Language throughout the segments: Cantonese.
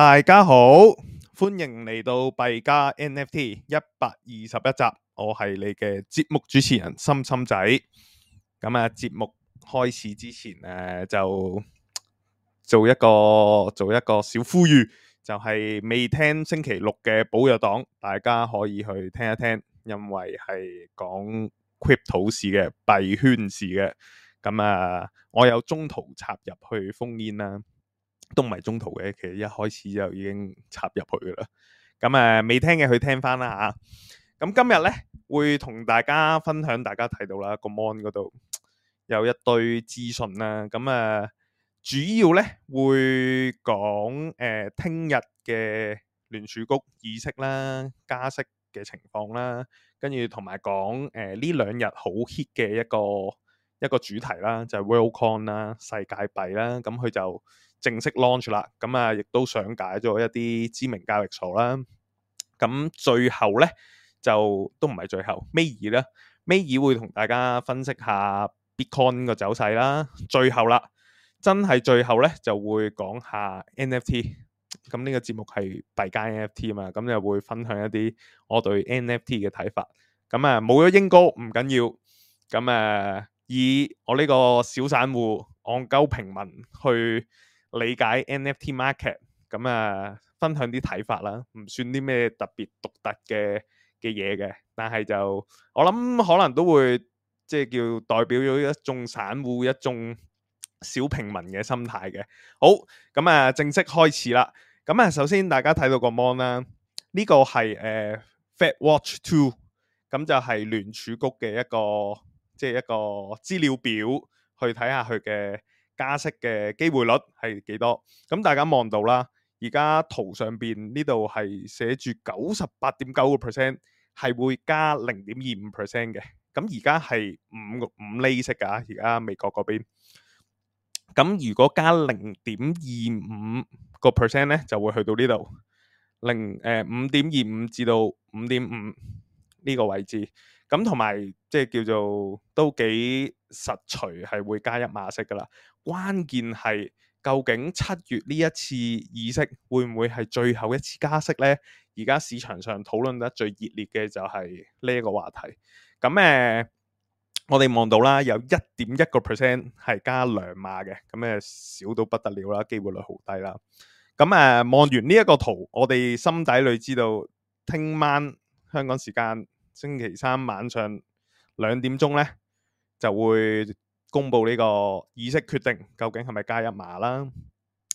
大家好，歡迎嚟到幣加 NFT 一百二十一集，我係你嘅節目主持人心心仔。咁啊，節目開始之前誒，就做一個做一個小呼籲，就係、是、未聽星期六嘅寶藥黨，大家可以去聽一聽，因為係講 Crypto 事嘅幣圈事嘅。咁啊，我有中途插入去封煙啦。都唔係中途嘅，其實一開始就已經插入去噶啦。咁誒未聽嘅去聽翻啦嚇。咁今日咧會同大家分享，大家睇到啦，個 mon 嗰度有一堆資訊啦。咁誒主要咧會講誒聽日嘅聯儲局議息啦、加息嘅情況啦，跟住同埋講誒呢兩日好 hit 嘅一個一個主題啦，就係 Worldcoin 啦、世界幣啦，咁佢就正式 launch 啦，咁啊，亦都想解咗一啲知名交易所啦。咁 最後呢，就都唔係最後，尾二啦，尾二會同大家分析下 Bitcoin 個走勢啦。最後啦，真係最後呢，就會講下 NFT。咁呢個節目係幣加 NFT 啊嘛，咁又會分享一啲我對 NFT 嘅睇法。咁啊，冇咗鷹哥唔緊要。咁誒、啊，以我呢個小散戶、按鈎平民去。理解 NFT market，咁啊，分享啲睇法啦，唔算啲咩特別獨特嘅嘅嘢嘅，但係就我諗可能都會即係叫代表咗一種散戶、一種小平民嘅心態嘅。好，咁啊，正式開始啦。咁啊，首先大家睇到個 mon 啦，呢、這個係誒、呃、Fed Watch Tool，咁就係聯儲局嘅一個即係、就是、一個資料表，去睇下佢嘅。加息嘅機會率係幾多？咁大家望到啦，而家圖上邊呢度係寫住九十八點九個 percent，係會加零點二五 percent 嘅。咁而家係五五厘息㗎，而家美國嗰邊。咁如果加零點二五個 percent 咧，就會去到呢度零誒五點二五至到五點五呢個位置。咁同埋即係叫做都幾實錘係會加一碼息㗎啦。關鍵係究竟七月呢一次議息會唔會係最後一次加息呢？而家市場上討論得最熱烈嘅就係呢一個話題。咁誒、呃，我哋望到啦，有一點一個 percent 係加兩碼嘅，咁誒少到不得了啦，機會率好低啦。咁誒，望、呃、完呢一個圖，我哋心底裏知道，聽晚香港時間星期三晚上兩點鐘呢就會。公布呢個議息決定，究竟係咪加一碼啦？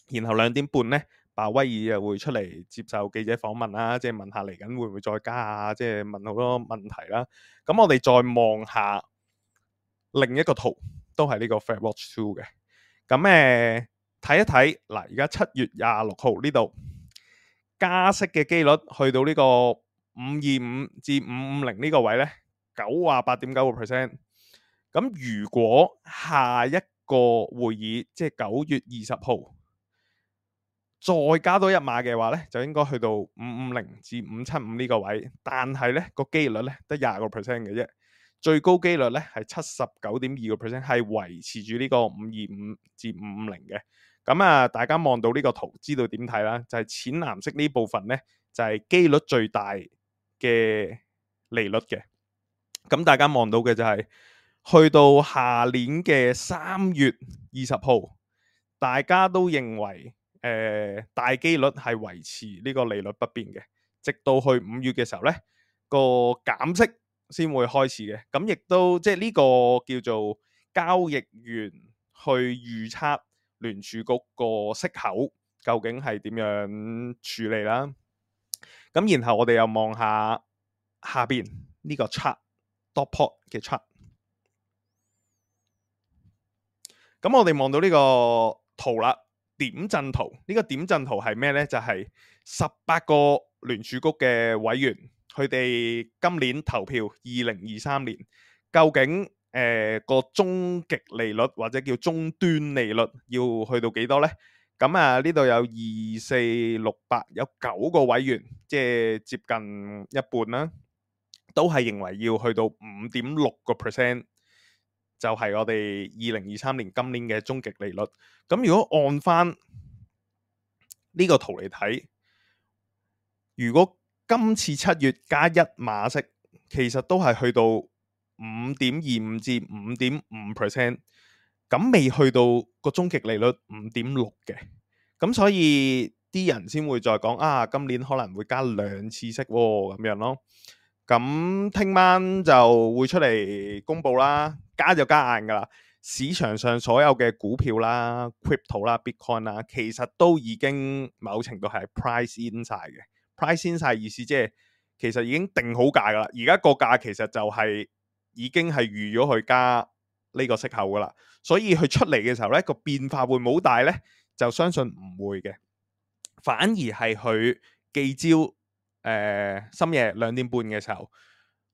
然後兩點半咧，鮑威爾又會出嚟接受記者訪問啦，即係問下嚟緊會唔會再加啊，即係問好多問題啦。咁我哋再望下另一個圖，都係呢個 Fed Watch Two 嘅。咁誒，睇一睇嗱，而家七月廿六號呢度加息嘅機率去到呢個五二五至五五零呢個位咧，九十八點九個 percent。咁如果下一個會議即係九月二十號再加多一碼嘅話咧，就應該去到五五零至五七五呢個位。但係咧個機率咧得廿個 percent 嘅啫，最高機率咧係七十九點二個 percent 係維持住呢個五二五至五五零嘅。咁啊，大家望到呢個圖知道點睇啦，就係淺藍色呢部分咧就係機率最大嘅利率嘅。咁大家望到嘅就係。去到下年嘅三月二十號，大家都認為誒、呃、大機率係維持呢個利率不變嘅，直到去五月嘅時候呢、呢個減息先會開始嘅。咁亦都即係呢個叫做交易員去預測聯儲局個息口究竟係點樣處理啦。咁然後我哋又望下下邊呢個 chart dot plot 嘅 chart。咁我哋望到呢個圖啦，點陣圖。呢個點陣圖係咩呢？就係十八個聯儲局嘅委員，佢哋今年投票，二零二三年究竟誒個終極利率或者叫終端利率要去到幾多呢？咁啊呢度有二四六八，有九個委員，即係接近一半啦，都係認為要去到五點六個 percent。就係我哋二零二三年今年嘅終極利率。咁如果按翻呢個圖嚟睇，如果今次七月加一碼息，其實都係去到五點二五至五點五 percent，咁未去到個終極利率五點六嘅。咁所以啲人先會再講啊，今年可能會加兩次息咁樣咯。咁聽晚就會出嚟公佈啦。加就加硬噶啦，市場上所有嘅股票啦、crypto 啦、bitcoin 啦，其實都已經某程度係 pr price in 晒嘅。price in 晒意思即係其實已經定好價噶啦。而家個價其實就係已經係預咗佢加呢個息口噶啦，所以佢出嚟嘅時候咧個變化會唔好大咧，就相信唔會嘅，反而係佢記招。誒、呃，深夜兩點半嘅時候，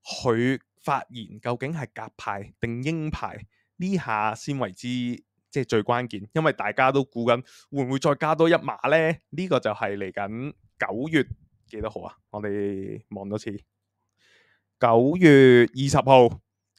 佢。發言究竟係鴿派定鷹派呢？下先為之，即係最關鍵，因為大家都估緊會唔會再加多一碼呢？呢、呢個就係嚟緊九月幾多號啊？我哋望多次九月二十號，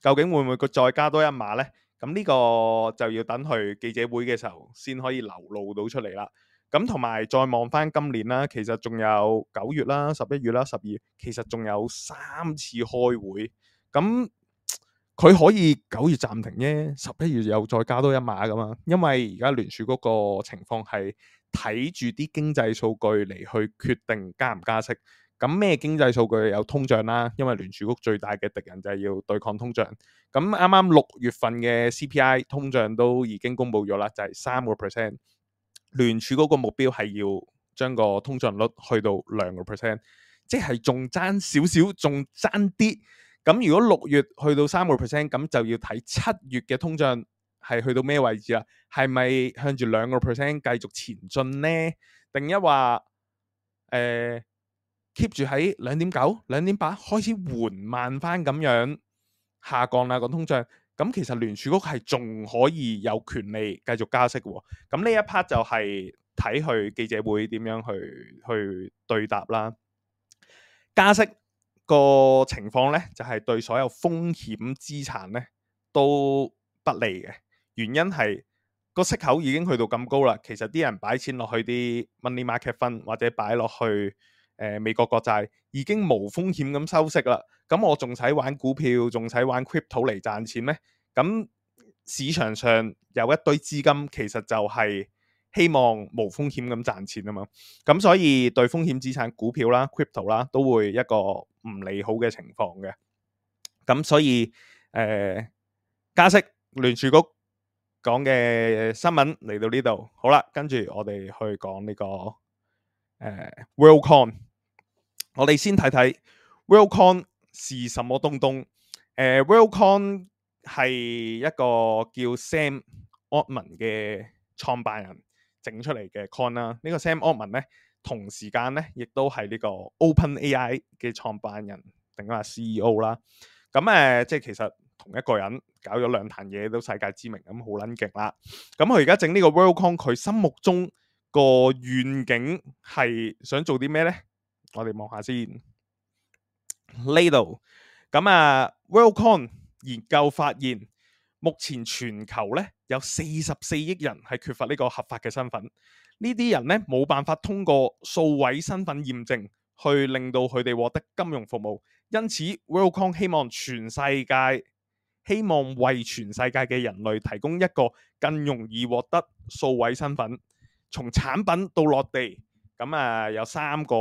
究竟會唔會再加多一碼呢？咁呢個就要等去記者會嘅時候先可以流露到出嚟啦。咁同埋再望翻今年啦，其實仲有九月啦、十一月啦、十二月，其實仲有三次開會。咁佢可以九月暫停啫，十一月又再加多一碼噶嘛？因為而家聯儲嗰個情況係睇住啲經濟數據嚟去決定加唔加息。咁咩經濟數據有通脹啦？因為聯儲局最大嘅敵人就係要對抗通脹。咁啱啱六月份嘅 CPI 通脹都已經公布咗啦，就係三個 percent。聯儲嗰個目標係要將個通脹率去到兩個 percent，即係仲爭少少，仲爭啲。咁如果六月去到三個 percent，咁就要睇七月嘅通脹係去到咩位置啊？係咪向住兩個 percent 繼續前進呢？定一話誒 keep 住喺兩點九、兩點八開始緩慢翻咁樣下降啦個通脹。咁其實聯儲局係仲可以有權利繼續加息嘅。咁呢一 part 就係睇佢記者會點樣去去對答啦。加息。個情況呢，就係、是、對所有風險資產呢都不利嘅。原因係個息口已經去到咁高啦，其實啲人擺錢落去啲 Money Market Fund 或者擺落去、呃、美國國債已經無風險咁收息啦。咁、嗯、我仲使玩股票，仲使玩 crypto 嚟賺錢咩？咁、嗯、市場上有一堆資金，其實就係、是。希望無風險咁賺錢啊嘛，咁所以對風險資產、股票啦、crypto 啦，都會一個唔利好嘅情況嘅。咁所以，誒、呃，加息、聯儲局講嘅新聞嚟到呢度，好啦，跟住我哋去講呢、這個誒、呃、Worldcoin。我哋先睇睇 Worldcoin 是什麼東東。誒，Worldcoin 係一個叫 Sam Altman 嘅創辦人。整出嚟嘅 Coin 啦，呢個 Sam Altman 咧，同時間咧，亦都係呢個 Open AI 嘅創辦人，定係 CEO 啦。咁誒、呃，即係其實同一個人搞咗兩壇嘢都世界知名咁，好撚勁啦。咁佢而家整呢個 Worldcoin，佢心目中個願景係想做啲咩咧？我哋望下先。呢度咁啊，Worldcoin 研究發現，目前全球咧有四十四億人係缺乏呢個合法嘅身份，呢啲人咧冇辦法通過數位身份驗證去令到佢哋獲得金融服務。因此，Worldcoin 希望全世界希望為全世界嘅人類提供一個更容易獲得數位身份。從產品到落地，咁啊有三個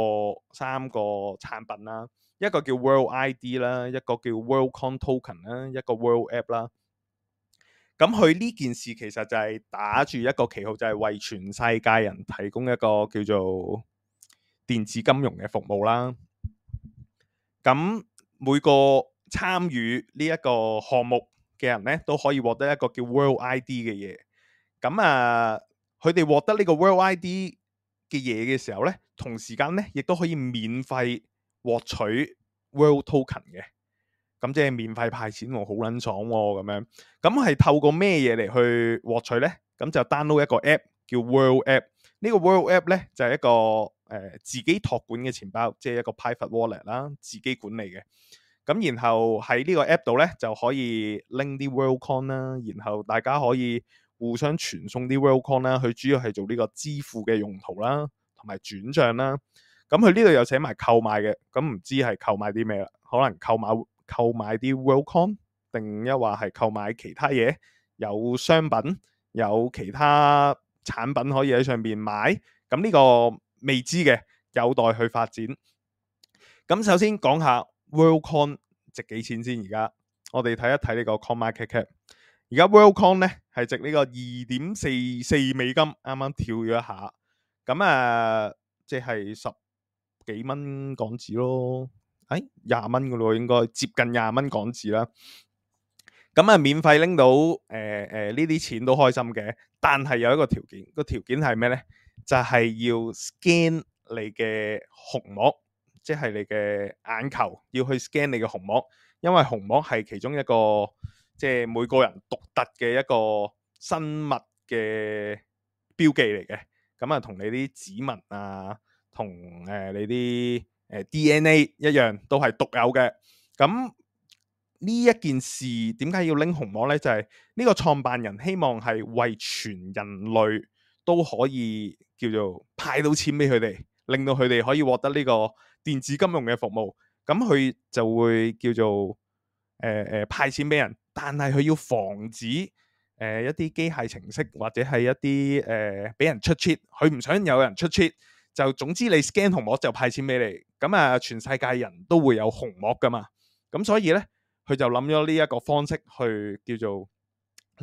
三個產品啦，一個叫 World ID 啦，一個叫 Worldcoin Token 啦，一個 World App 啦。咁佢呢件事其實就係打住一個旗號，就係為全世界人提供一個叫做電子金融嘅服務啦。咁每個參與呢一個項目嘅人呢，都可以獲得一個叫 World ID 嘅嘢。咁啊，佢哋獲得呢個 World ID 嘅嘢嘅時候呢，同時間呢，亦都可以免費獲取 World Token 嘅。咁即係免費派錢喎，好撚爽喎、啊，咁樣。咁係透過咩嘢嚟去獲取呢？咁就 download 一個 app 叫 World App。呢、呢個 World App 呢，就係、係、一個誒、呃、自己託管嘅錢包，即係一個 private wallet 啦，自己管理嘅。咁然後喺呢個 app 度呢，就可以拎啲 World Coin 啦。然後大家可以互相傳送啲 World Coin 啦。佢主要係做呢個支付嘅用途啦，同埋轉帳啦。咁佢呢度又寫埋購買嘅，咁唔知係購買啲咩啦？可能購買。購買啲 Worldcoin，定一話係購買其他嘢，有商品有其他產品可以喺上邊買，咁呢個未知嘅，有待去發展。咁首先講下 Worldcoin 值幾錢先？而家我哋睇一睇呢個 CoinMarketCap。而家 Worldcoin 咧係值呢個二點四四美金，啱啱跳咗一下，咁啊，即係十幾蚊港紙咯。誒，廿蚊嘅咯，應該接近廿蚊港紙啦。咁啊，免費拎到誒誒呢啲錢都開心嘅，但係有一個條件，個條件係咩呢？就係要 scan 你嘅虹膜，即係你嘅眼球，要去 scan 你嘅虹膜，因為虹膜係其中一個即係每個人獨特嘅一個生物嘅標記嚟嘅。咁啊，同你啲指紋啊，同誒你啲。DNA 一樣都係獨有嘅，咁呢一件事點解要拎虹膜呢？就係呢個創辦人希望係為全人類都可以叫做派到錢俾佢哋，令到佢哋可以獲得呢個電子金融嘅服務。咁佢就會叫做誒誒派錢俾人，但係佢要防止誒一啲機械程式或者係一啲誒俾人出 cheat，佢唔想有人出 cheat。就總之你 Scan 紅膜就派錢俾你，咁啊全世界人都會有紅膜㗎嘛，咁所以呢，佢就諗咗呢一個方式去叫做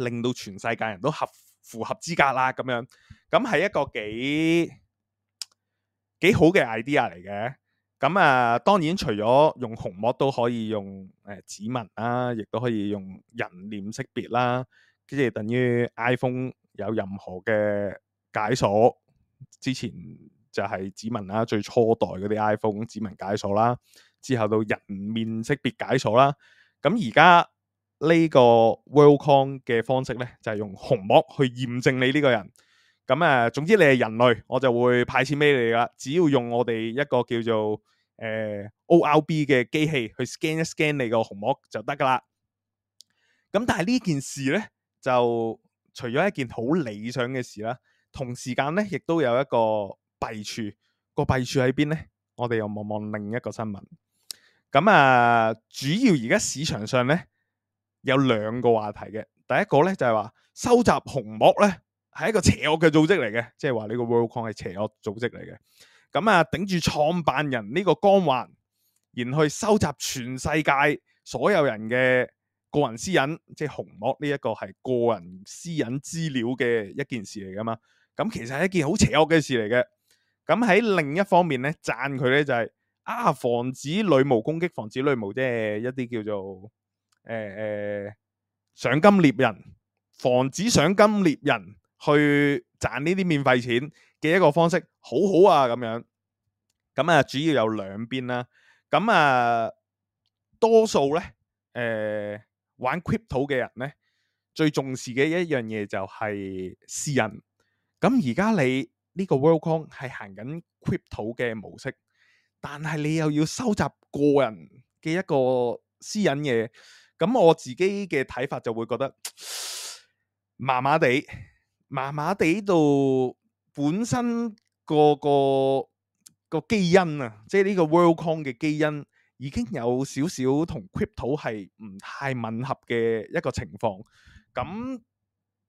令到全世界人都合符合資格啦，咁樣咁係一個幾幾好嘅 idea 嚟嘅。咁啊當然除咗用紅膜都可以用誒、呃、指紋啊，亦都可以用人臉識別啦，跟住等於 iPhone 有任何嘅解鎖之前。就係指紋啦、啊，最初代嗰啲 iPhone 指紋解鎖啦，之後到人面識別解鎖啦，咁而家呢個 Worldcoin 嘅方式呢，就係、是、用虹膜去驗證你呢個人，咁啊，總之你係人類，我就會派錢俾你啦。只要用我哋一個叫做誒 ORB 嘅機器去 scan 一 scan 你個虹膜就得噶啦。咁但係呢件事呢，就除咗一件好理想嘅事啦，同時間呢亦都有一個。弊處個弊處喺邊呢？我哋又望望另一個新聞。咁、嗯、啊，主要而家市場上呢，有兩個話題嘅。第一個呢，就係、是、話收集虹膜呢，係一個邪惡嘅組織嚟嘅，即係話呢個 Worldcoin 係邪惡組織嚟嘅。咁、嗯、啊，頂住創辦人呢個光環，然後去收集全世界所有人嘅個人私隱，即係虹膜呢一個係個人私隱資料嘅一件事嚟噶嘛？咁、嗯、其實係一件好邪惡嘅事嚟嘅。咁喺另一方面咧，讚佢咧就係啊，防止女巫攻擊，防止女巫啫，一啲叫做誒誒賞金獵人，防止賞金獵人去賺呢啲免費錢嘅一個方式，好好啊，咁樣。咁啊，主要有兩邊啦。咁啊，多數咧，誒玩 crypto 嘅人咧，最重視嘅一樣嘢就係私隱。咁而家你。呢個 Worldcoin 係行緊 Crypto 嘅模式，但係你又要收集個人嘅一個私隱嘢，咁我自己嘅睇法就會覺得麻麻地，麻麻地度本身個個個基因啊，即係呢個 Worldcoin 嘅基因已經有少少同 Crypto 係唔太吻合嘅一個情況，咁、嗯嗯、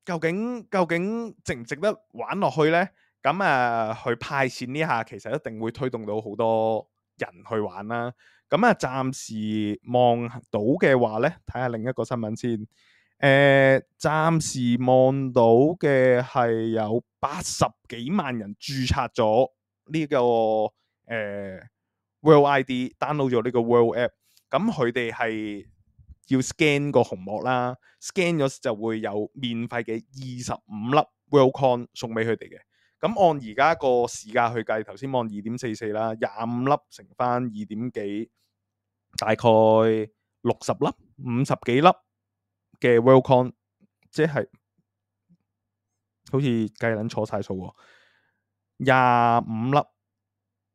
究竟究竟值唔值得玩落去呢？咁啊、嗯呃，去派錢呢下，其實一定會推動到好多人去玩啦。咁、嗯、啊，暫時望到嘅話呢，睇下另一個新聞先。誒、呃，暫時望到嘅係有八十幾萬人註冊咗呢、這個誒、呃、World ID，download 咗呢個 World App、嗯。咁佢哋係要 scan 個虹膜啦，scan 咗就會有免費嘅二十五粒 Worldcoin 送俾佢哋嘅。咁按而家個市價去計，頭先按二點四四啦，廿五粒乘翻二點幾，大概六十粒、五十幾粒嘅 Worldcoin，即係好似計撚錯晒數喎。廿五粒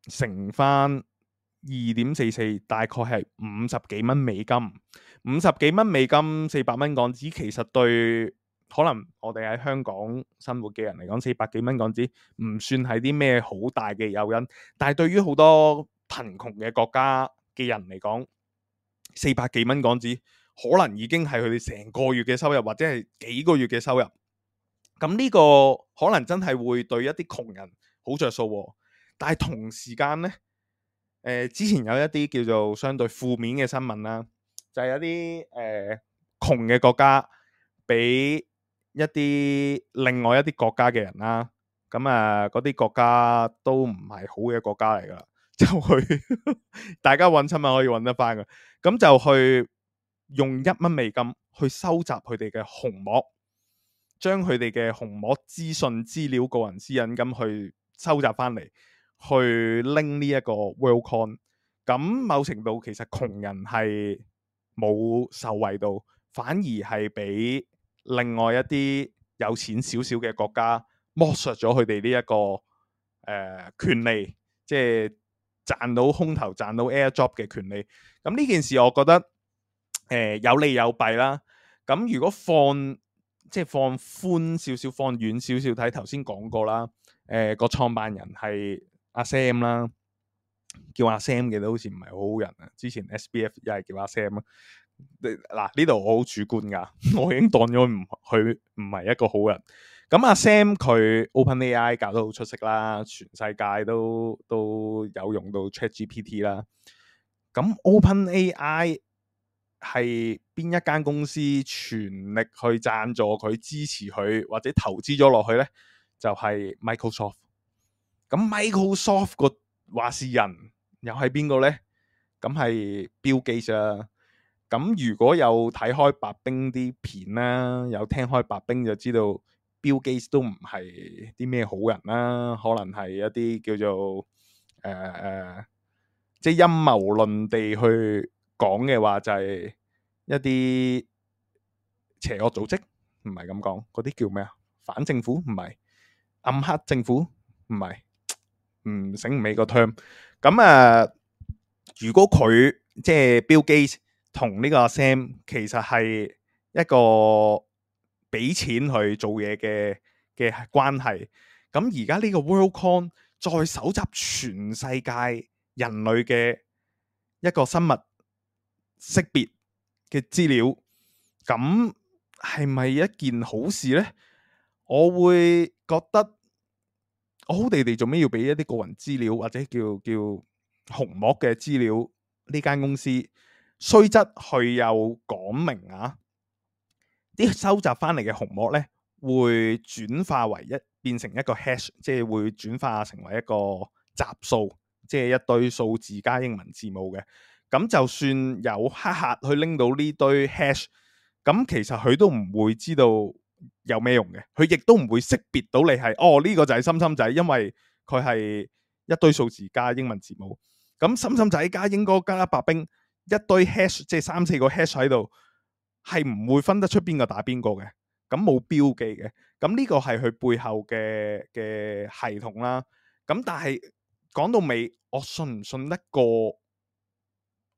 乘翻二點四四，大概係五十幾蚊美金，五十幾蚊美金四百蚊港紙，其實對。可能我哋喺香港生活嘅人嚟講，四百幾蚊港紙唔算係啲咩好大嘅誘因，但係對於好多貧窮嘅國家嘅人嚟講，四百幾蚊港紙可能已經係佢哋成個月嘅收入或者係幾個月嘅收入。咁呢個可能真係會對一啲窮人好着數、哦，但係同時間呢，誒、呃、之前有一啲叫做相對負面嘅新聞啦、啊，就係有啲誒窮嘅國家俾。一啲另外一啲國家嘅人啦、啊，咁啊嗰啲國家都唔係好嘅國家嚟噶，就去 大家揾親咪可以揾得翻嘅，咁就去用一蚊美金去收集佢哋嘅虹膜，將佢哋嘅虹膜資訊資料個人私隱咁去收集翻嚟，去拎呢一個 Worldcoin。咁某程度其實窮人係冇受惠到，反而係俾。另外一啲有錢少少嘅國家剝削咗佢哋呢一個誒、呃、權利，即係賺到空頭賺到 air drop 嘅權利。咁、嗯、呢件事我覺得誒、呃、有利有弊啦。咁、嗯、如果放即係放寬少少、放遠少少睇，頭先講過啦。誒、呃、個創辦人係阿 Sam 啦，叫阿 Sam 嘅都好似唔係好好人啊。之前 SBF 又係叫阿 Sam 啊。嗱，呢度我好主觀噶，我已經當咗唔佢唔係一個好人。咁阿 Sam 佢 OpenAI 搞得好出色啦，全世界都都有用到 ChatGPT 啦。咁 OpenAI 係邊一間公司全力去贊助佢、支持佢或者投資咗落去呢？就係 Microsoft。咁 Microsoft 個話事人又係邊個呢？咁係 Bill Gates 啊？咁如果有睇開白兵啲片啦，有聽開白兵就知道 Bill Gates 都唔係啲咩好人啦，可能係一啲叫做誒誒，即係陰謀論地去講嘅話，就係一啲邪惡組織，唔係咁講，嗰啲叫咩啊？反政府唔係，暗黑政府唔係，嗯，醒唔起個 term。咁啊，如果佢即係 Bill Gates。同呢個 Sam 其實係一個俾錢去做嘢嘅嘅關係。咁而家呢個 Worldcoin 再搜集全世界人類嘅一個生物識別嘅資料，咁係咪一件好事呢？我會覺得，我好地地做咩要俾一啲個人資料或者叫叫虹膜嘅資料呢間公司？雖則佢又講明啊，啲收集翻嚟嘅虹膜呢，會轉化為一變成一個 hash，即係會轉化成為一個雜數，即係一堆數字加英文字母嘅。咁就算有黑客去拎到呢堆 hash，咁其實佢都唔會知道有咩用嘅。佢亦都唔會識別到你係哦呢個就係深深仔，因為佢係一堆數字加英文字母。咁深深仔加鷹哥加一白兵。一堆 hash 即係三四個 hash 喺度，係唔會分得出邊個打邊個嘅，咁冇標記嘅，咁呢個係佢背後嘅嘅系統啦。咁但係講到尾，我信唔信得過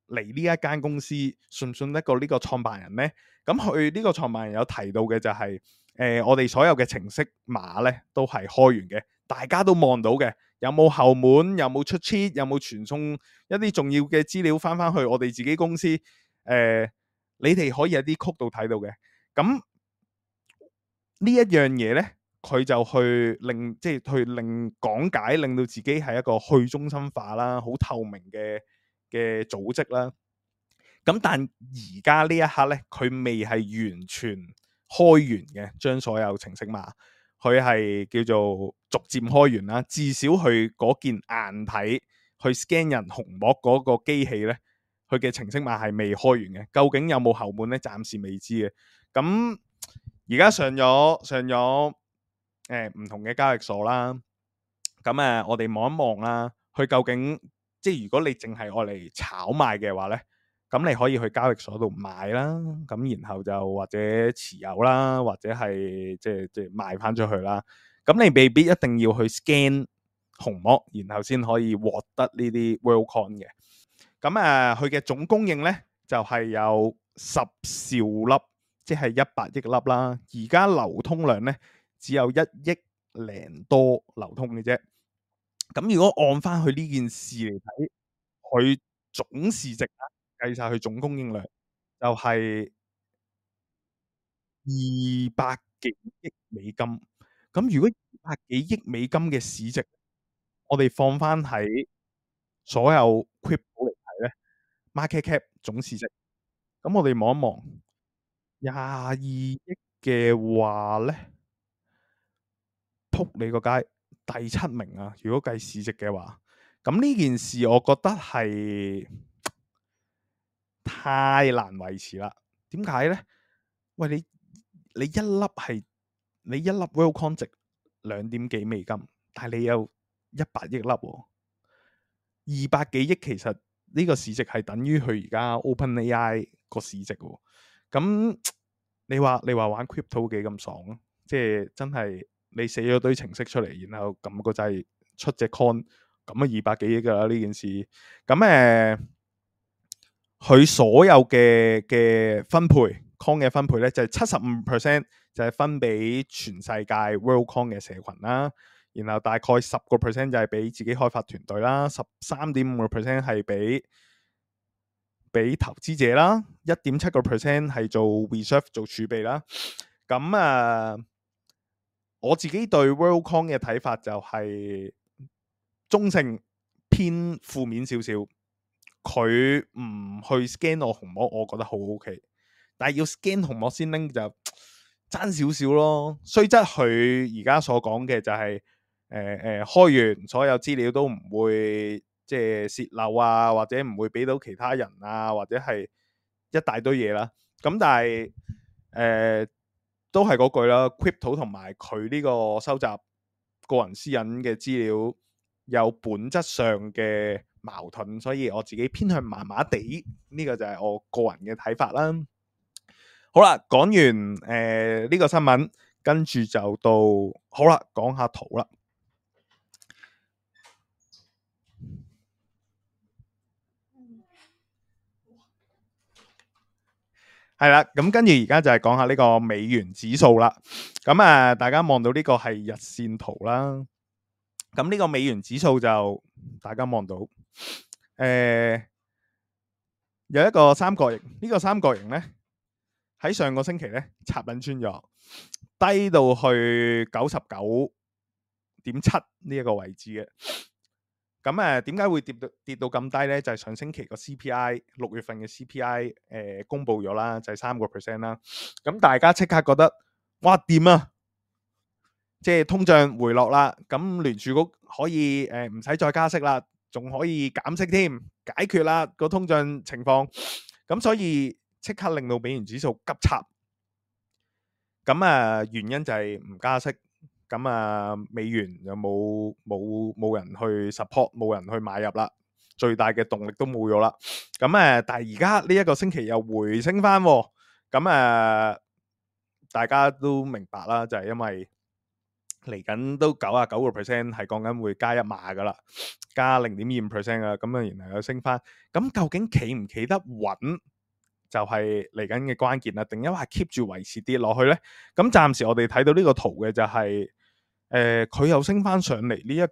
嚟呢一間公司？信唔信得過呢個創辦人呢？咁佢呢個創辦人有提到嘅就係、是，誒、呃、我哋所有嘅程式碼呢都係開完嘅，大家都望到嘅。有冇後門？有冇出 cheap？有冇傳送一啲重要嘅資料翻翻去我哋自己公司？誒、呃，你哋可以喺啲曲度睇到嘅。咁呢一樣嘢呢，佢就去令，即、就、係、是、去令講解，令到自己係一個去中心化啦，好透明嘅嘅組織啦。咁、嗯、但而家呢一刻呢，佢未係完全開源嘅，將所有程式碼。佢係叫做逐漸開源啦，至少佢嗰件硬體去 scan 人虹膜嗰個機器呢，佢嘅程式碼係未開源嘅。究竟有冇後門呢？暫時未知嘅。咁而家上咗上咗誒唔同嘅交易所啦。咁、嗯、誒，我哋望一望啦。佢究竟即係如果你淨係愛嚟炒賣嘅話呢。咁你可以去交易所度買啦，咁然後就或者持有啦，或者係即係即係賣翻出去啦。咁你未必一定要去 scan 虹膜，然後先可以獲得呢啲 Worldcoin 嘅。咁誒、啊，佢嘅總供應咧就係、是、有十兆粒，即係一百億粒啦。而家流通量咧只有一億零多，多流通嘅啫。咁如果按翻佢呢件事嚟睇，佢總市值計晒佢總供應量就係二百幾億美金，咁如果二百幾億美金嘅市值，我哋放翻喺所有 crypto 嚟睇咧，market cap 總市值，咁我哋望一望，廿二億嘅話咧，扑你個街第七名啊！如果計市值嘅話，咁呢件事我覺得係。太難維持啦，點解呢？喂，你你一粒係你一粒 Worldcoin 值兩點幾美金，但係你有一百億粒，哦，二百幾億，其實呢個市值係等於佢而家 OpenAI 個市值，哦。咁，嗯，你話你話玩 crypto 幾咁爽啊？即係真係你寫咗堆程式出嚟，然後撳個掣出隻 coin 咁啊二百幾億噶啦呢件事。咁，嗯，誒。嗯佢所有嘅嘅分配，Coin 嘅分配咧，就係七十五 percent 就係、是、分俾全世界 Worldcoin 嘅社群啦，然後大概十個 percent 就係、是、俾自己開發團隊啦，十三點五個 percent 係俾俾投資者啦，一點七個 percent 係做 reserve 做儲備啦。咁誒、啊、我自己對 Worldcoin 嘅睇法就係中性偏負面少少。佢唔去 scan 我虹膜，我覺得好 OK，但係要 scan 虹膜先拎就爭少少咯。雖則佢而家所講嘅就係誒誒，開源所有資料都唔會即係泄漏啊，或者唔會俾到其他人啊，或者係一大堆嘢啦。咁、嗯、但係誒、呃、都係嗰句啦，Crypto 同埋佢呢個收集個人私隱嘅資料有本質上嘅。矛盾，所以我自己偏向麻麻地。呢個就係我個人嘅睇法啦。好啦，講完誒呢、呃呢個新聞，跟住就到好啦，講下圖啦。係 啦，咁跟住而家就係講下呢個美元指數啦。咁啊，大家望到呢個係日綫圖啦。咁呢個美元指數就大家望到。誒、呃，有一個三角形，呢、這個三角形呢，喺上個星期呢，插粉穿咗，低到去九十九點七呢一個位置嘅。咁誒，點、呃、解會跌到跌到咁低呢？就係、是、上星期個 CPI 六月份嘅 CPI 誒、呃、公布咗啦，就係三個 percent 啦。咁大家即刻覺得哇掂啊，即係通脹回落啦，咁聯儲局可以誒唔使再加息啦。仲可以減息添，解決啦個通脹情況，咁所以即刻令到美元指數急插，咁啊、呃、原因就係唔加息，咁啊、呃、美元就冇冇冇人去 support，冇人去買入啦，最大嘅動力都冇咗啦，咁誒、呃、但係而家呢一個星期又回升返，咁誒、呃、大家都明白啦，就係、是、因為。嚟緊都九啊九個 percent，係講緊會加一碼噶啦，加零點二五 percent 啊，咁樣然後又升翻。咁究竟企唔企得穩，就係嚟緊嘅關鍵啦。定因為 keep 住維持跌落去咧？咁暫時我哋睇到呢個圖嘅就係、是，誒、呃、佢又升翻上嚟呢一個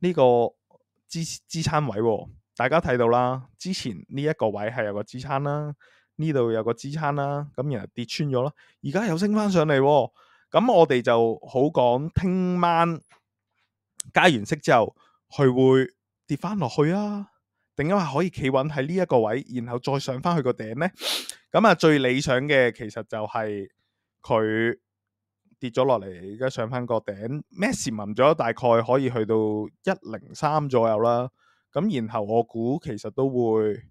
呢、這個支支撐位喎、哦。大家睇到啦，之前呢一個位係有個支撐啦、啊，呢度有個支撐啦、啊，咁然後跌穿咗咯，而家又升翻上嚟、哦。咁我哋就好講，聽晚加完息之後，佢會，會跌翻落去啊？定因為可以企穩喺呢一個位，然後再上翻去個頂呢？咁啊，最理想嘅其實就係、是、佢跌咗落嚟，而家上翻個頂。maximum 咗大概可以去到一零三左右啦。咁然後我估其實都會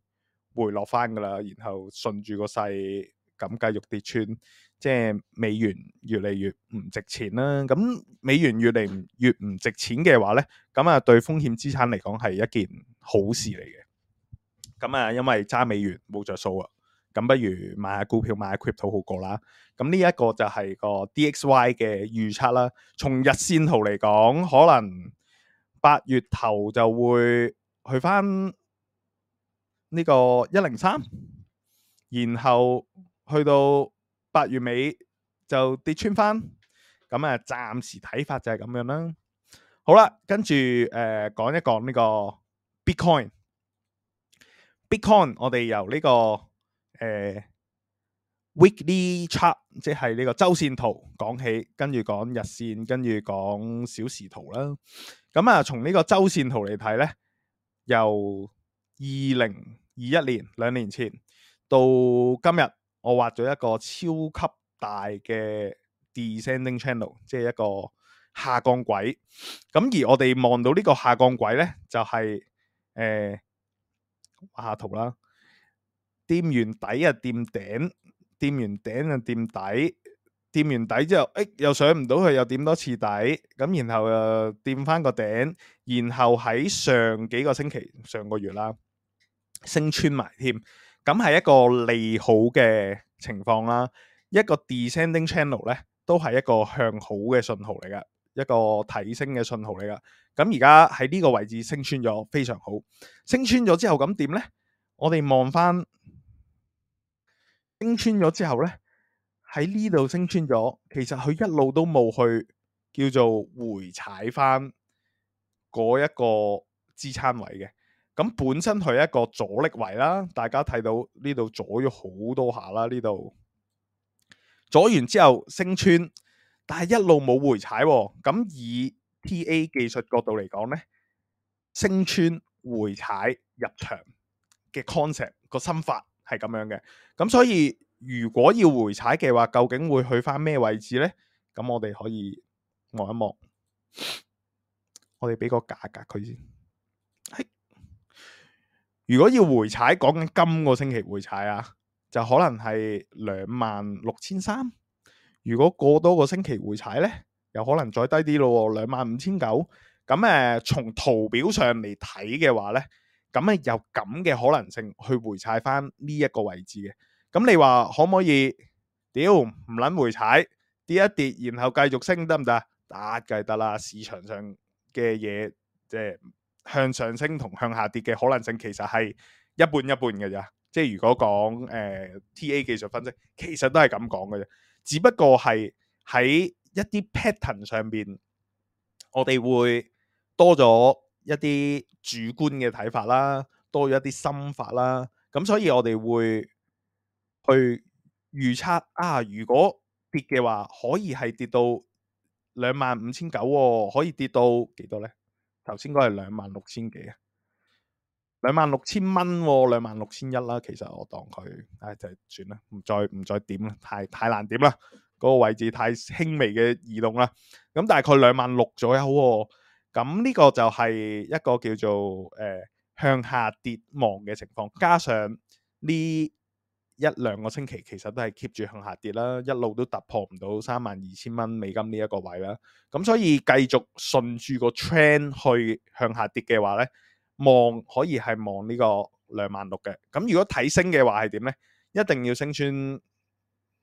回落翻噶啦，然後順住個勢咁繼續跌穿。即係美元越嚟越唔值錢啦，咁美元越嚟越唔值錢嘅話咧，咁啊對風險資產嚟講係一件好事嚟嘅，咁啊因為揸美元冇着數啊，咁不如買下股票買下 crypto 好過啦，咁呢一個就係個 DXY 嘅預測啦，從日線圖嚟講，可能八月頭就會去翻呢個一零三，然後去到。八月尾就跌穿翻，咁啊，暫時睇法就係咁樣啦。好啦，跟住誒、呃、講一講呢個 Bitcoin，Bitcoin 我哋由呢、這個誒、呃、weekly chart，即係呢個周線圖講起，跟住講日線，跟住講小時圖啦。咁啊，從呢個周線圖嚟睇咧，由二零二一年兩年前到今日。我畫咗一個超級大嘅 descending channel，即係一個下降軌。咁而我哋望到呢個下降軌呢，就係、是、誒、欸、下圖啦。掂完底啊，掂頂；掂完頂啊，掂底；掂完底之後，誒、欸、又上唔到去，又掂多次底。咁然後又墊翻個頂，然後喺上幾個星期、上個月啦，升穿埋添。咁係一個利好嘅情況啦，一個 descending channel 咧都係一個向好嘅信號嚟噶，一個提升嘅信號嚟噶。咁而家喺呢個位置升穿咗，非常好。升穿咗之後咁點呢？我哋望翻升穿咗之後呢，喺呢度升穿咗，其實佢一路都冇去叫做回踩翻嗰一個支撐位嘅。咁本身佢一個阻力位啦，大家睇到呢度阻咗好多下啦，呢度阻完之後升穿，但係一路冇回踩。咁、嗯、以 TA 技術角度嚟講呢，升穿回踩入場嘅 concept 個心法係咁樣嘅。咁、嗯、所以如果要回踩嘅話，究竟會去翻咩位置呢？咁、嗯、我哋可以望一望，我哋俾個價格佢先。如果要回踩，講緊今個星期回踩啊，就可能係兩萬六千三。如果過多個星期回踩呢，又可能再低啲咯，兩萬五千九。咁、嗯、誒，從圖表上嚟睇嘅話呢，咁誒有咁嘅可能性去回踩翻呢一個位置嘅。咁、嗯、你話可唔可以？屌唔撚回踩跌一跌，然後繼續升得唔得？打計得啦，市場上嘅嘢即係。向上升同向下跌嘅可能性，其實係一半一半嘅咋，即係如果講誒、呃、TA 技術分析，其實都係咁講嘅啫。只不過係喺一啲 pattern 上邊，我哋會多咗一啲主觀嘅睇法啦，多咗一啲心法啦。咁所以我哋會去預測啊。如果跌嘅話可以係跌到兩萬五千九，可以跌到幾多咧？頭先嗰係兩萬六千幾啊，兩萬六千蚊喎，兩萬六千一啦。其實我當佢，唉，就係、算啦，唔再唔再點啦，太太難點啦，嗰、嗰個位置太輕微嘅移動啦。咁大概兩萬六左右喎、哦。咁呢個就係一個叫做誒、呃、向下跌望嘅情況，加上呢。一兩個星期其實都係 keep 住向下跌啦，一路都突破唔到三萬二千蚊美金呢一個位啦。咁所以繼續順住個 trend 去向下跌嘅話呢，望可以係望呢個兩萬六嘅。咁如果睇升嘅話係點呢？一定要升穿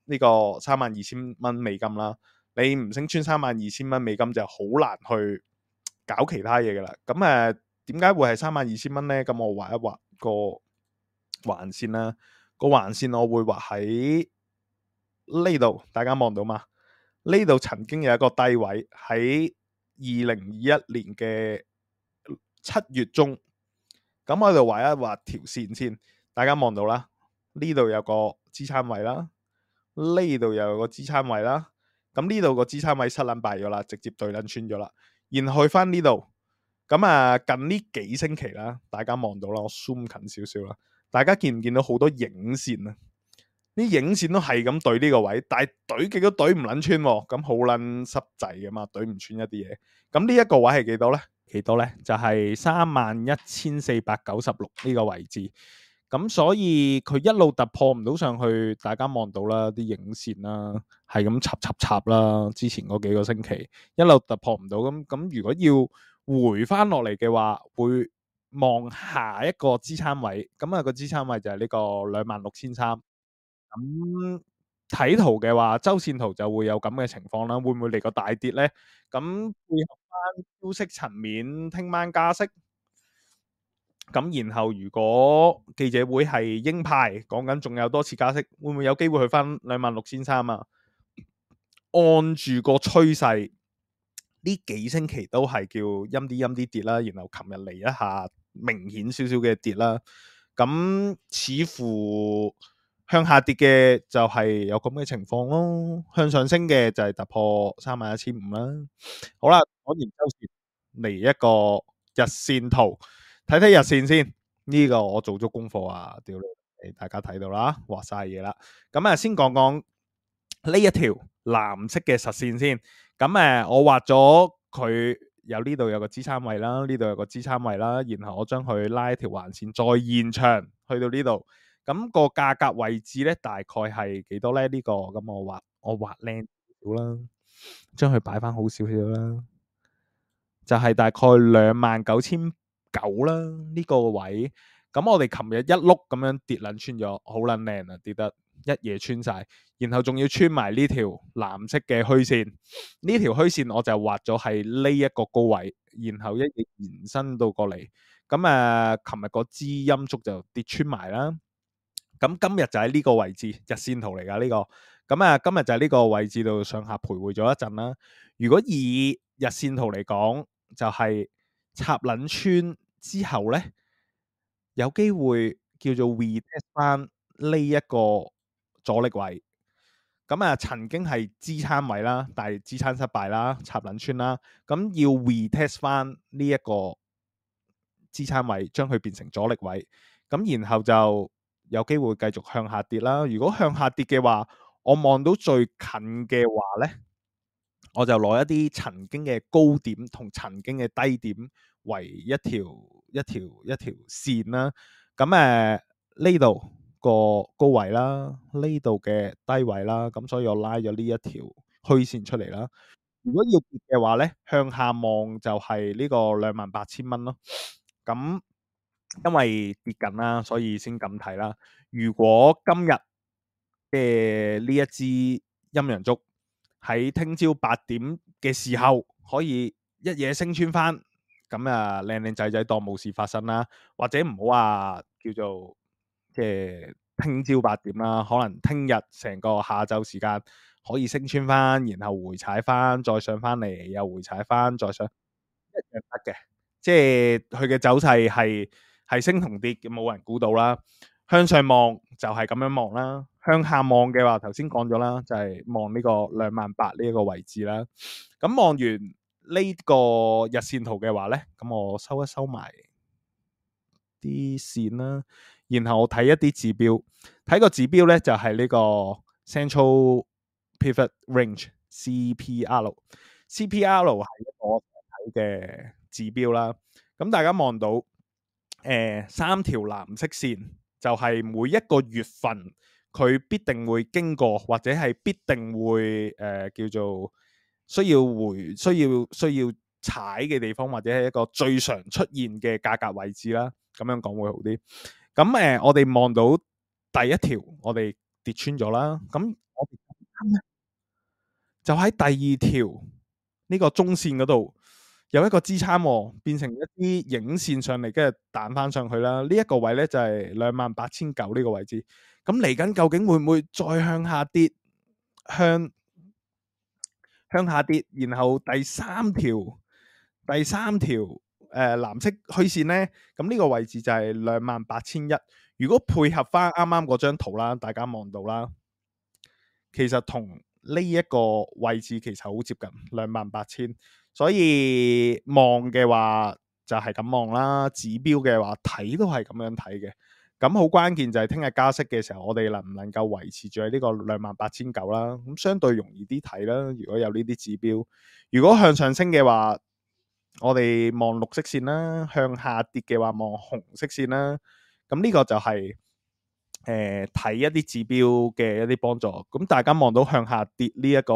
呢個三萬二千蚊美金啦。你唔升穿三萬二千蚊美金就好難去搞其他嘢噶、呃、啦。咁誒點解會係三萬二千蚊呢？咁我畫一畫個橫線啦。個橫線我會畫喺呢度，大家望到嘛？呢度曾經有一個低位喺二零二一年嘅七月中，咁我度畫一畫條線先，大家望到啦。呢度有個支撐位啦，呢度又有個支撐位啦。咁呢度個支撐位，位失捻敗咗啦，直接對捻穿咗啦。然後去翻呢度，咁啊近呢幾星期啦，大家望到啦，我 zoom 近少少啦。大家見唔見到好多影線啊？啲影線都係咁懟呢個位，但係懟極都懟唔捻穿，咁好捻濕滯噶嘛？懟唔穿一啲嘢，咁呢一個位係幾多咧？幾多咧？就係三萬一千四百九十六呢個位置，咁、啊啊這個就是啊、所以佢一路突破唔到上去，大家望到啦，啲影線啦、啊，係咁插插插啦，之前嗰幾個星期一路突破唔到，咁咁、啊、如果要回翻落嚟嘅話，會。望下一個支撐位，咁啊個支撐位就係呢個兩萬六千三。咁睇圖嘅話，周線圖就會有咁嘅情況啦。會唔會嚟個大跌呢？咁配合翻消息層面，聽晚加息，咁然後如果記者會係鷹派，講緊仲有多次加息，會唔會有機會去翻兩萬六千三啊？按住個趨勢，呢幾星期都係叫陰啲陰啲跌啦。然後琴日嚟一下。明顯少少嘅跌啦，咁似乎向下跌嘅就係有咁嘅情況咯，向上升嘅就係突破三萬一千五啦。好啦，講完周線，嚟一個日線圖，睇睇日線先。呢個我做足功課啊，屌你，大家睇到啦，畫晒嘢啦。咁啊，先講講呢一條藍色嘅實線先。咁誒，我畫咗佢。有呢度有個支撐位啦，呢度有個支撐位啦，然後我將佢拉一條橫線再延長去到呢度，咁個價格位置呢，大概係幾多呢？呢個咁我畫我畫靚少啦，將佢擺翻好少少啦，就係大概兩萬九千九啦呢個位。咁我哋琴日一碌咁樣跌捻穿咗，好捻靚啊跌得！一夜穿晒，然後仲要穿埋呢條藍色嘅虛線，呢條虛線我就畫咗喺呢一個高位，然後一直延伸到過嚟，咁、嗯、啊，琴日個支陰燭就跌穿埋啦。咁、嗯、今日就喺呢個位置日線圖嚟㗎呢個，咁、嗯、啊今日就喺呢個位置度上下徘徊咗一陣啦。如果以日線圖嚟講，就係、是、插捻穿之後咧，有機會叫做 retest 翻呢一個。阻力位，咁、嗯、啊，曾經係支撐位啦，但係支撐失敗啦，插捻穿啦，咁、嗯、要 retest 翻呢一個支撐位，將佢變成阻力位，咁、嗯、然後就有機會繼續向下跌啦。如果向下跌嘅話，我望到最近嘅話呢，我就攞一啲曾經嘅高點同曾經嘅低點為一條一條一條，一條線啦。咁誒呢度。呃個高位啦，呢度嘅低位啦，咁所以我拉咗呢一條虛線出嚟啦。如果要跌嘅話呢，向下望就係呢個兩萬八千蚊咯。咁、嗯、因為跌緊啦，所以先咁睇啦。如果今日嘅呢一支陰陽燭喺聽朝八點嘅時候可以一嘢升穿翻，咁啊靚靚仔仔當冇事發生啦，或者唔好話叫做。嘅聽朝八點啦，可能聽日成個下晝時間可以升穿翻，然後回踩翻，再上翻嚟，又回踩翻，再上，即係得嘅，即係佢嘅走勢係係升同跌，咁冇人估到啦。向上望就係咁樣望啦，向下望嘅話，頭先講咗啦，就係、是、望呢個兩萬八呢一個位置啦。咁、嗯、望完呢個日線圖嘅話呢，咁我收一收埋啲線啦。然後我睇一啲指標，睇個指標咧就係、是、呢個 Central Pivot Range CPR CPR 係一個我睇嘅指標啦。咁、嗯、大家望到誒、呃、三條藍色線，就係、是、每一個月份佢必定會經過，或者係必定會誒、呃、叫做需要回、需要需要踩嘅地方，或者係一個最常出現嘅價格位置啦。咁樣講會好啲。咁誒、呃，我哋望到第一條，我哋跌穿咗啦。咁我哋就喺第二條呢個中線嗰度有一個支撐，變成一啲影線上嚟，跟住彈翻上去啦。呢一個位咧就係兩萬八千九呢個位置。咁嚟緊究竟會唔會再向下跌？向向下跌，然後第三條，第三條。誒、呃、藍色虛線呢，咁呢個位置就係兩萬八千一。如果配合翻啱啱嗰張圖啦，大家望到啦，其實同呢一個位置其實好接近兩萬八千。所以望嘅話就係咁望啦，指標嘅話睇都係咁樣睇嘅。咁好關鍵就係聽日加息嘅時候，我哋能唔能夠維持住喺呢個兩萬八千九啦？咁相對容易啲睇啦。如果有呢啲指標，如果向上升嘅話。我哋望綠色線啦，向下跌嘅話望紅色線啦，咁呢個就係誒睇一啲指標嘅一啲幫助。咁大家望到向下跌呢一個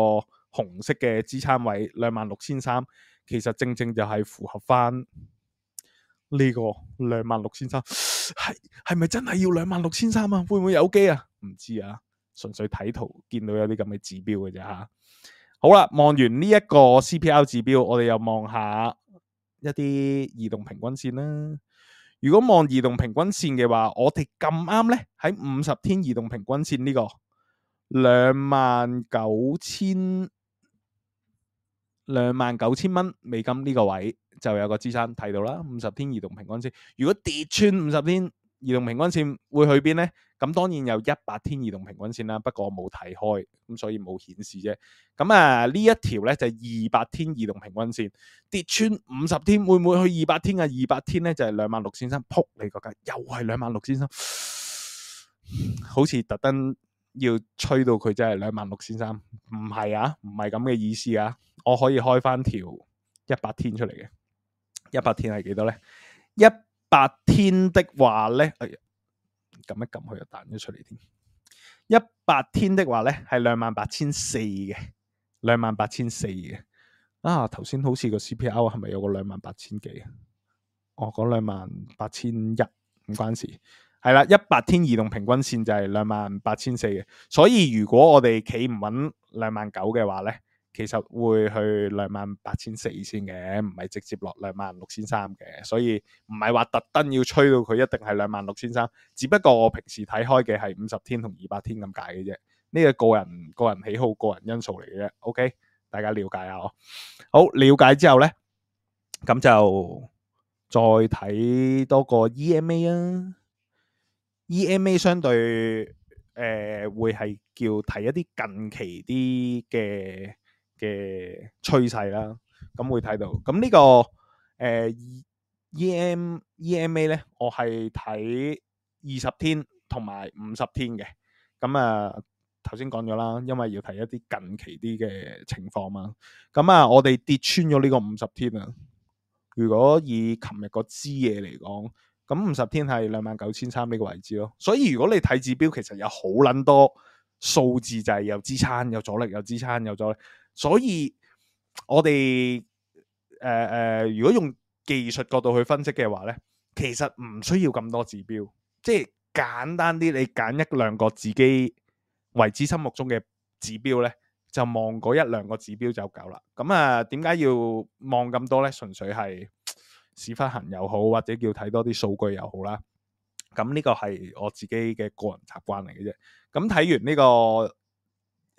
紅色嘅支撐位兩萬六千三，26, 300, 其實正正就係符合翻、這、呢個兩萬六千三。係係咪真係要兩萬六千三啊？會唔會有機啊？唔知啊，純粹睇圖見到有啲咁嘅指標嘅啫吓。好啦，望完呢一個 CPR 指標，我哋又望下。一啲移動平均線啦，如果望移動平均線嘅話，我哋咁啱咧喺五十天移動平均線呢個，兩萬九千兩萬九千蚊美金呢個位就有個支撐睇到啦，五十天移動平均線，如果跌穿五十天，移動平均線會去邊呢？咁當然有一百天移動平均線啦，不過我冇睇開，咁所以冇顯示啫。咁啊，呢一條呢就係二百天移動平均線，跌穿五十天，會唔會去二百天啊？二百天呢就係兩萬六千三，撲你個街，又係兩萬六千三，好似特登要吹到佢真係兩萬六千三，唔係啊，唔係咁嘅意思啊。我可以開翻條一百天出嚟嘅，一百天係幾多呢？一。八天的話咧，哎呀，撳一撳佢又彈咗出嚟添。一百天的話咧，係兩萬八千四嘅，兩萬八千四嘅。啊，頭先好似個 CPR 係咪有個兩萬八千幾啊？哦，嗰兩萬八千一，唔關事。係啦，一百天移動平均線就係兩萬八千四嘅。所以如果我哋企唔穩兩萬九嘅話咧。其實會去兩萬八千四千嘅，唔係直接落兩萬六千三嘅，所以唔係話特登要吹到佢一定係兩萬六千三，只不過我平時睇開嘅係五十天同二百天咁解嘅啫，呢、這個個人個人喜好、個人因素嚟嘅啫。OK，大家了解下哦。好，了解之後呢，咁就再睇多個 EMA 啊，EMA 相對誒、呃、會係叫睇一啲近期啲嘅。嘅趨勢啦，咁會睇到。咁呢、這個誒、呃、E M E M A 咧，我係睇二十天同埋五十天嘅。咁啊頭先講咗啦，因為要睇一啲近期啲嘅情況嘛、啊。咁啊，我哋跌穿咗呢個五十天啊。如果以琴日個支嘢嚟講，咁五十天係兩萬九千三呢個位置咯。所以如果你睇指標，其實有好撚多數字，就係有支撐、有阻力、有支撐、有阻力。所以，我哋誒誒，如果用技術角度去分析嘅話呢，其實唔需要咁多指標，即係簡單啲，你揀一兩個自己為之心目中嘅指標呢就望嗰一兩個指標就夠啦。咁、嗯、啊，點解要望咁多呢？純粹係屎忽痕又好，或者叫睇多啲數據又好啦。咁、嗯、呢、呢個係我自己嘅個人習慣嚟嘅啫。咁、嗯、睇完呢、呢個。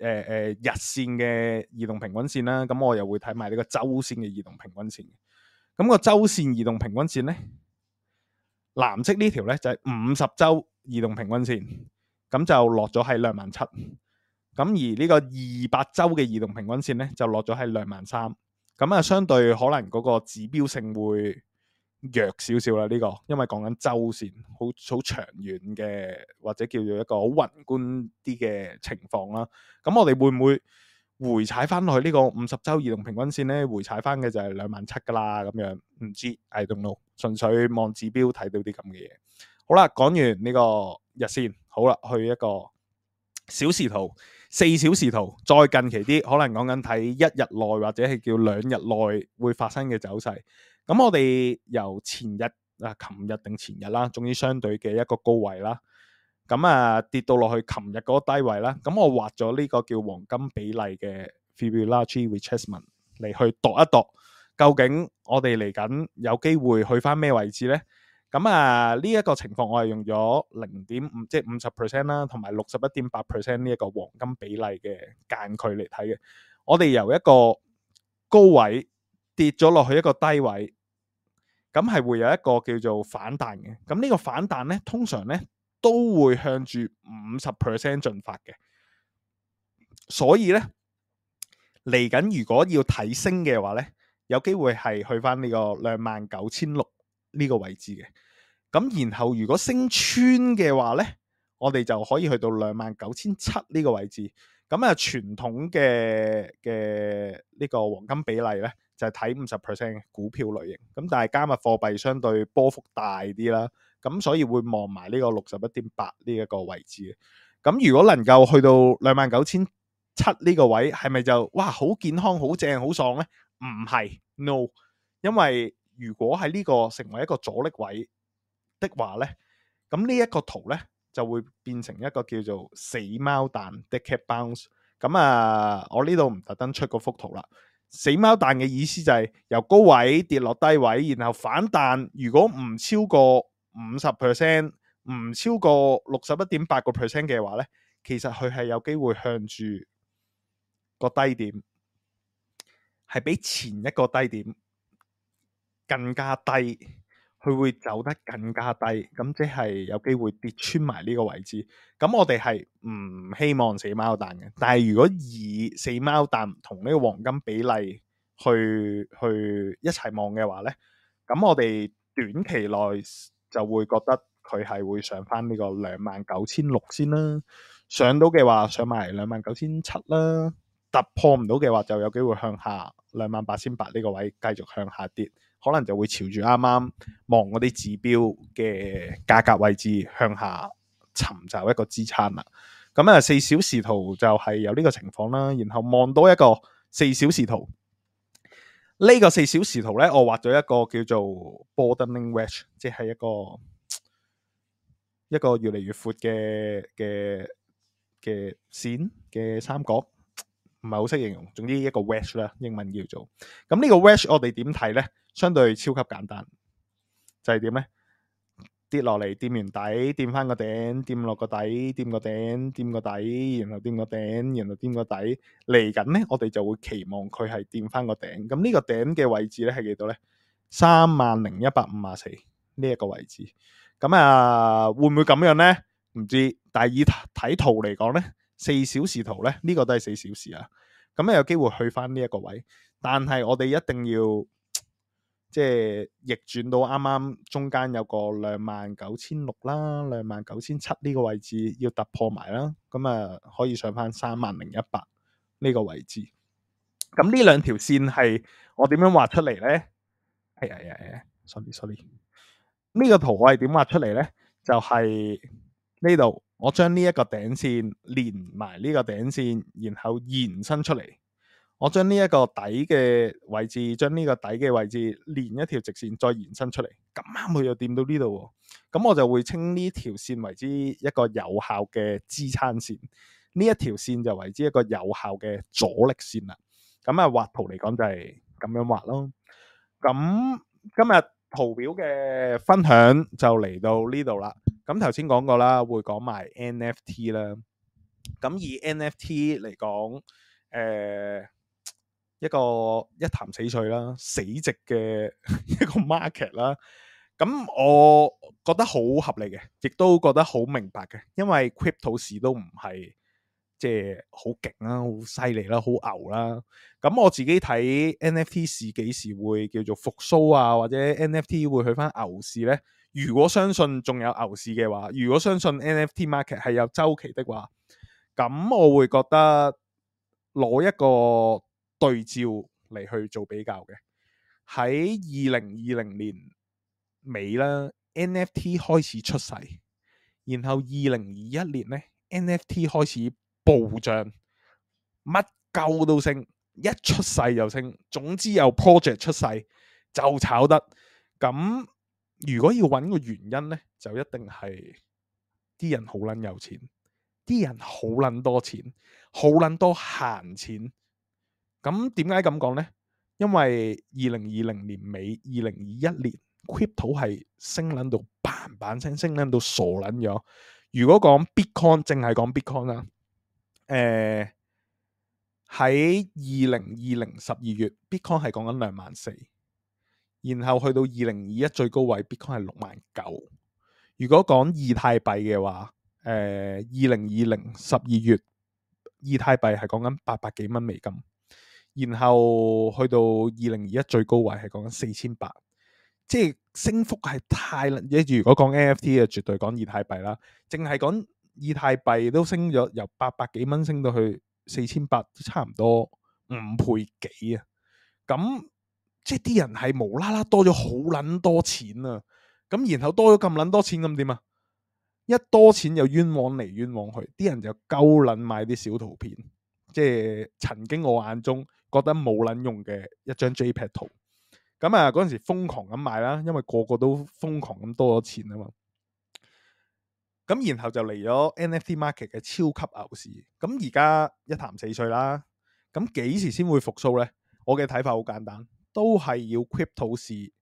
誒誒、呃，日線嘅移動平均線啦，咁我又會睇埋呢個周線嘅移動平均線嘅。咁個周線移動平均線呢，藍色呢條呢，就係五十周移動平均線，咁就落咗係兩萬七。咁而呢個二百周嘅移動平均線呢，就落咗係兩萬三。咁啊，相對可能嗰個指標性會。弱少少啦呢個，因為講緊週線，好好長遠嘅或者叫做一個好宏觀啲嘅情況啦。咁、嗯、我哋會唔會回踩翻去呢個五十周移動平均綫呢？回踩翻嘅就係兩萬七噶啦，咁樣唔知。I don't know。純粹望指標睇到啲咁嘅嘢。好啦，講完呢個日綫，好啦，去一個小時圖、四小時圖，再近期啲，可能講緊睇一日內或者係叫兩日內會發生嘅走勢。咁我哋由前日啊，琴日定前日啦，總之相對嘅一個高位啦，咁、嗯、啊跌到落去琴日嗰個低位啦。咁、嗯、我畫咗呢個叫黃金比例嘅 Fibonacci retracement 嚟去度一度，究竟我哋嚟緊有機會去翻咩位置呢？咁、嗯、啊呢一、這個情況，我係用咗零點五，即係五十 percent 啦，同埋六十一點八 percent 呢一個黃金比例嘅間距嚟睇嘅。我哋由一個高位跌咗落去一個低位。咁係會有一個叫做反彈嘅，咁、這、呢個反彈呢，通常呢都會向住五十 percent 進發嘅，所以呢，嚟緊如果要睇升嘅話呢，有機會係去翻呢個兩萬九千六呢個位置嘅，咁然後如果升穿嘅話呢，我哋就可以去到兩萬九千七呢個位置。咁啊，傳統嘅嘅呢個黃金比例咧，就係睇五十 percent 股票類型。咁但係加密貨幣相對波幅大啲啦，咁所以會望埋呢個六十一點八呢一個位置。咁如果能夠去到兩萬九千七呢個位，係咪就哇好健康、好正、好爽咧？唔係，no，因為如果喺呢個成為一個阻力位嘅話咧，咁呢一個圖咧。就會變成一個叫做死貓彈的 dead cat bounce。咁、嗯、啊，我呢度唔特登出個幅圖啦。死貓彈嘅意思就係、是、由高位跌落低位，然後反彈，如果唔超過五十 percent，唔超過六十一點八個 percent 嘅話呢，其實佢係有機會向住個低點，係比前一個低點更加低。佢會走得更加低，咁即係有機會跌穿埋呢個位置。咁我哋係唔希望死貓彈嘅，但係如果以死貓彈同呢個黃金比例去去一齊望嘅話呢，咁我哋短期內就會覺得佢係會上返呢個兩萬九千六先啦。上到嘅話，上埋兩萬九千七啦。突破唔到嘅話，就有機會向下，兩萬八千八呢個位，繼續向下跌。可能就會朝住啱啱望嗰啲指標嘅價格位置向下尋找一個支撐啦。咁啊，四小時圖就係有呢個情況啦。然後望到一個四小時圖，呢個四小時圖呢，我畫咗一個叫做 broadening wedge，即係一個一個越嚟越闊嘅嘅嘅線嘅三角。唔係好識形容，總之一個 wash 啦，英文叫做。咁呢個 wash 我哋點睇咧？相對超級簡單，就係點咧？跌落嚟掂完底，掂翻個頂，掂落個底，掂個頂，掂個底，然後掂個頂，然後掂個底。嚟緊咧，我哋就會期望佢係掂翻個頂。咁呢個頂嘅位置咧係幾多咧？三萬零一百五啊四呢一個位置。咁啊，會唔會咁樣咧？唔知。但係以睇圖嚟講咧。四小時圖咧，呢個都係四小時啊，咁有機會去翻呢一個位，但係我哋一定要即係逆轉到啱啱中間有個兩萬九千六啦，兩萬九千七呢個位置要突破埋啦，咁啊可以上翻三萬零一百呢個位置。咁呢兩條線係我點樣畫出嚟咧？係啊係啊係啊，sorry sorry，呢個圖我係點畫出嚟咧？就係呢度。我將呢一個頂線連埋呢個頂線，然後延伸出嚟。我將呢一個底嘅位置，將呢個底嘅位置連一條直線，再延伸出嚟。咁啱佢又掂到呢度，咁我就會稱呢條線為之一個有效嘅支撐線。呢一條線就為之一個有效嘅阻力線啦。咁啊，畫圖嚟講就係咁樣畫咯。咁今日。圖表嘅分享就嚟到呢度啦。咁頭先講過啦，會講埋 NFT 啦。咁以 NFT 嚟講，誒一個一潭死水啦，死寂嘅一個 market 啦。咁我覺得好合理嘅，亦都覺得好明白嘅，因為 Crypto 市都唔係。即係好勁啦，好犀利啦，好牛啦。咁我自己睇 NFT 市幾時會叫做復甦啊，或者 NFT 會去翻牛市呢？如果相信仲有牛市嘅話，如果相信 NFT market 係有週期的話，咁我會覺得攞一個對照嚟去做比較嘅。喺二零二零年尾啦，NFT 開始出世，然後二零二一年呢 NFT 開始。暴漲，乜舊都升，一出世就升。總之有 project 出世就炒得。咁如果要揾個原因呢，就一定係啲人好捻有錢，啲人好捻多錢，好捻多閒錢。咁點解咁講呢？因為二零二零年尾二零二一年，crypto 係升捻到嘭嘭聲，升捻到傻捻咗。如果講 bitcoin，淨係講 bitcoin 啊。誒喺二零二零十二月，Bitcoin 係講緊兩萬四，然後去到二零二一最高位，Bitcoin 係六萬九。如果講以太幣嘅話，誒二零二零十二月，以太幣係講緊八百幾蚊美金，然後去到二零二一最高位係講緊四千八，即係升幅係太。如果講 NFT 嘅，絕對講以太幣啦，淨係講。以太幣都升咗，由八百幾蚊升到去四千八，都差唔多五倍幾啊！咁即係啲人係無啦啦多咗好捻多錢啊！咁然後多咗咁捻多錢咁點啊？一多錢就冤枉嚟冤枉去，啲人就鳩捻買啲小圖片，即係曾經我眼中覺得冇捻用嘅一張 JPEG 圖。咁啊，嗰陣時瘋狂咁買啦，因為個個都瘋狂咁多咗錢啊嘛。咁然後就嚟咗 NFT market 嘅超級牛市，咁而家一潭死水啦。咁幾時先會復甦呢？我嘅睇法好簡單，都係要 Crypto 市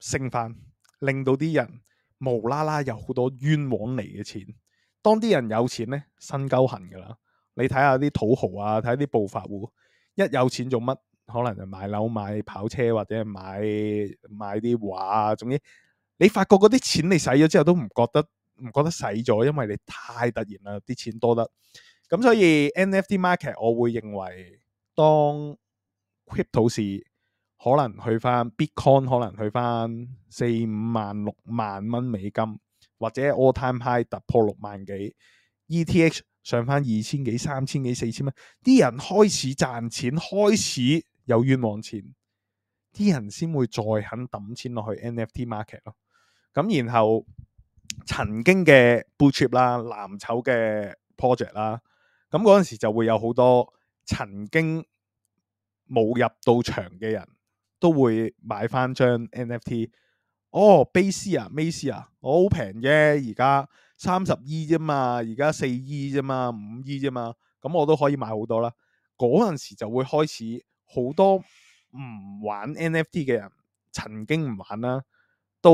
升返，令到啲人無啦啦有好多冤枉嚟嘅錢。當啲人有錢呢，身鳩痕噶啦。你睇下啲土豪啊，睇下啲暴發戶，一有錢做乜？可能就買樓、買跑車或者買買啲畫啊。總之，你發覺嗰啲錢你使咗之後都唔覺得。唔覺得使咗，因為你太突然啦，啲錢多得。咁所以 NFT market，我會認為當 crypto 市可能去翻 Bitcoin，可能去翻四五萬、六萬蚊美金，或者 All Time High 突破六萬幾，ETH 上翻二千幾、三千幾、四千蚊，啲人開始賺錢，開始有冤枉錢，啲人先會再肯抌錢落去 NFT market 咯。咁然後，曾經嘅 blue chip 啦，藍籌嘅 project 啦，咁嗰陣時就會有好多曾經冇入到場嘅人都會買翻張 NFT，哦。哦，Base 啊，Maze 啊，我好平啫，而家三十 E 啫嘛，億而家四 E 啫嘛，五 E 啫嘛，咁我都可以買好多啦。嗰陣時就會開始好多唔玩 NFT 嘅人，曾經唔玩啦。到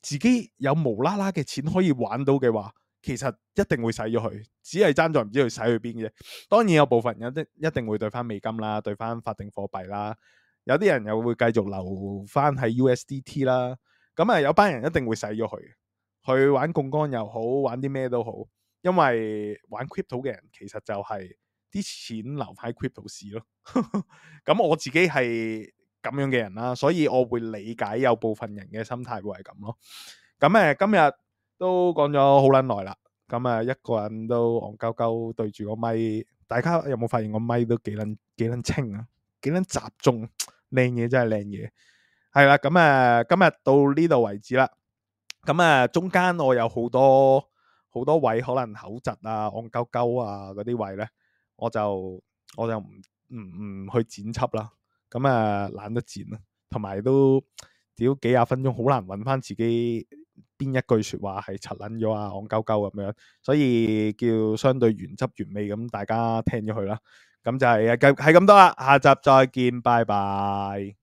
自己有無啦啦嘅錢可以玩到嘅話，其實一定會使咗佢，只係爭在唔知佢使去邊嘅啫。當然有部分人一定會兌翻美金啦，兌翻法定貨幣啦。有啲人又會繼續留翻喺 USDT 啦。咁啊，有班人一定會使咗佢，去玩槓桿又好，玩啲咩都好，因為玩 crypto 嘅人其實就係啲錢留翻喺 crypto 市咯。咁 我自己係。咁樣嘅人啦、啊，所以我會理解有部分人嘅心態會係咁咯。咁、嗯、誒，今日都講咗好捻耐啦。咁、嗯、啊，一個人都戇鳩鳩對住個咪，大家有冇發現個咪都幾捻幾捻清啊，幾捻集中，靚嘢真係靚嘢。係、嗯、啦，咁、嗯、啊，今日到呢度為止啦。咁、嗯、啊，中間我有好多好多位可能口窒啊、戇鳩鳩啊嗰啲位咧，我就我就唔唔唔去剪輯啦。咁啊，懶、嗯、得剪咯，同埋都屌幾廿分鐘，好難揾翻自己邊一句説話係柒撚咗啊，戇鳩鳩咁樣，所以叫相對原汁原味咁，大家聽咗佢啦，咁、嗯、就係、是、啊，係咁多啦，下集再見，拜拜。